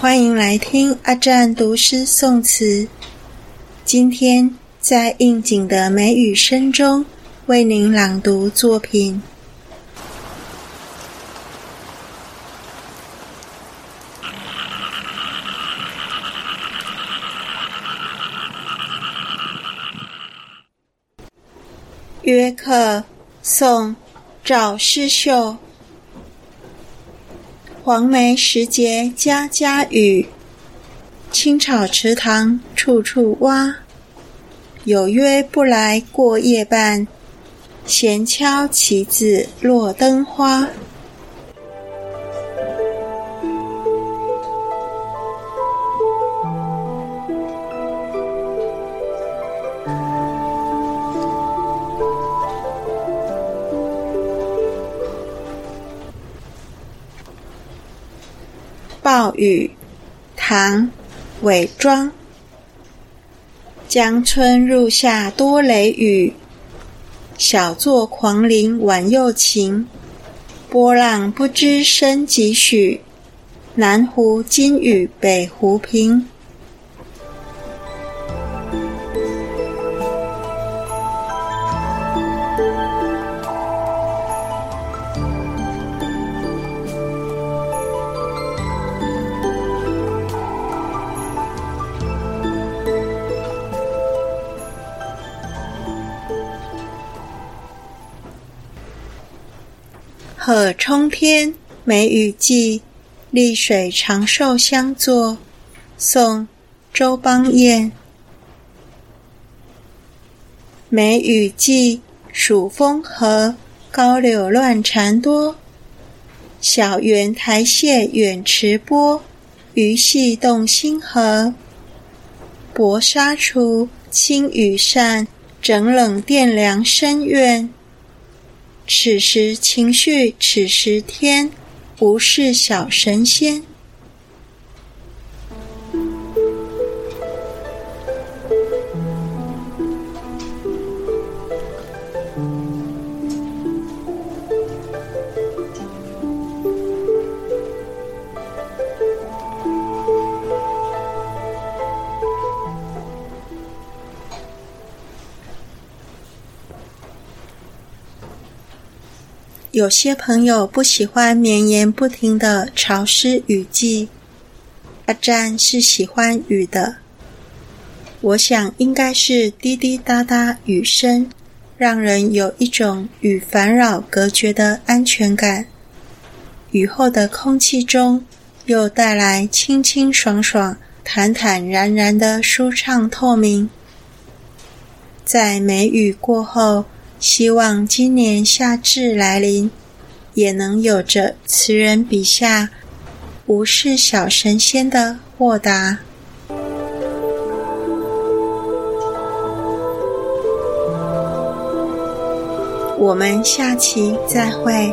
歡迎來聽阿占讀詩宋詞。今天在應景的梅雨聲中，為您朗讀作品《約客》。宋·趙師秀。黃梅時節家家雨，青草池塘處處蛙。有約不來過夜半，閒敲棋子落燈花。暴雨，唐·韋莊。江村入夏多雷雨，曉作狂霖晚又晴。波浪不知深幾許，南湖今與北湖平。 鶴沖天，梅雨霽，溧水長壽鄉作。宋，周邦彥。梅雨霽，暑風和，高柳亂蟬多。小園台榭遠池波，魚戲動新荷。薄紗櫥，輕羽扇，枕冷簟涼深院。此時情緒，此時天，無事小神仙。有些朋友不喜歡綿延不停的潮濕雨季，阿占是喜歡雨的。我想應該是滴滴答答雨聲，讓人有一種與煩擾隔絕的安全感。雨後的空氣中，又帶來清清爽爽、坦坦然然的舒暢透明。在梅雨過後，希望今年夏至來臨，也能有着詞人筆下無事小神仙的豁達。我們下期再會。